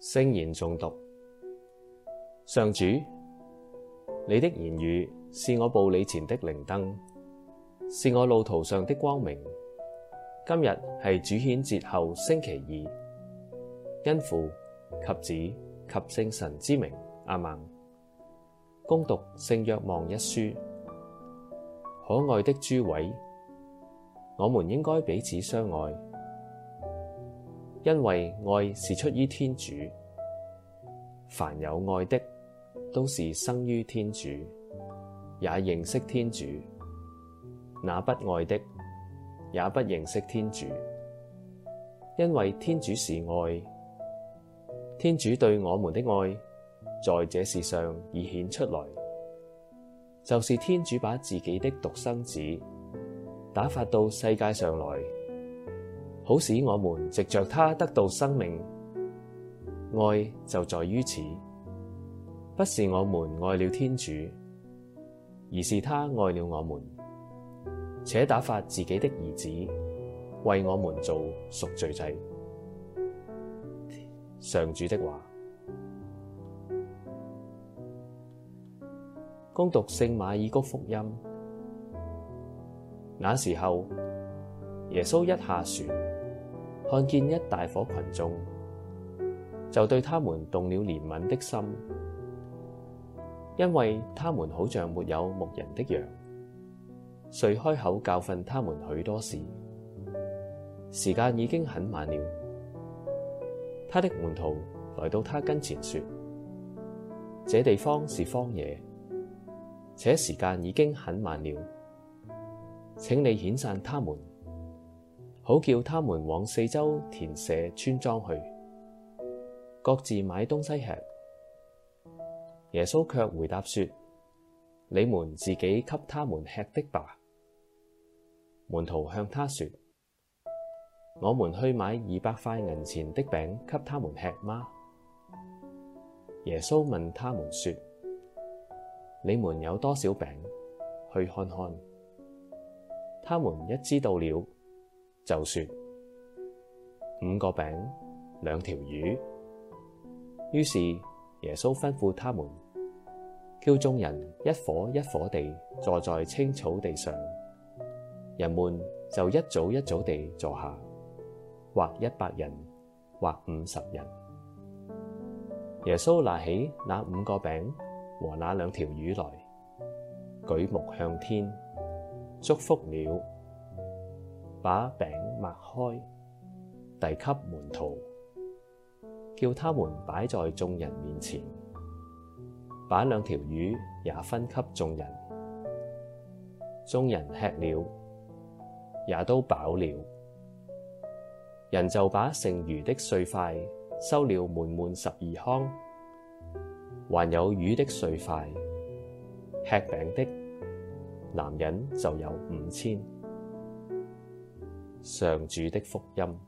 聖言誦讀。上主，你的言語是我步履前的靈燈，是我路途上的光明。今日係主顯節後星期二，因父及子及聖神之名，阿們，恭讀聖若望一書，可愛的諸位，我們應該彼此相愛。因為愛是出於天主，凡有愛的都是生於天主，也認識天主；那不愛的，也不認識天主。因為天主是愛，天主對我們的愛，在這事上已顯出來，就是天主把自己的獨生子打發到世界上來。好使我們藉著他得到生命，愛就在於此，不是我們愛了天主，而是他愛了我們，且打發自己的兒子為我們做贖罪祭。上主的話，恭讀聖馬爾谷福音，那時候耶穌一下船。看見一大伙群眾，就對他們動了憐憫的心，因為他們好像沒有牧人的羊。遂開口教訓他們許多事，時間已經很晚了。他的門徒來到他跟前，說：這地方是荒野，且時間已經很晚了。請你遣散他們。好叫他們往四周田舍村莊去，各自買東西吃。耶穌卻回答說：你們自己給他們吃的吧。門徒向他說：我們去買二百塊銀錢的餅給他們吃嗎？耶穌問他們說：你們有多少餅？去看看。他們一知道了。就說五個餅兩條魚，於是耶穌吩咐他們叫眾人一夥一夥地坐在青草地上，人們就一組一組地坐下，或一百人或五十人。耶穌拿起那五個餅和那兩條魚來，舉目向天祝福了。把餅擘開，遞給門徒，叫他們擺在眾人面前。把兩條魚也分給眾人，眾人吃了，也都飽了。人就把剩餘的碎塊收了滿滿十二筐，還有魚的碎塊，吃餅的男人就有五千。上主的福音。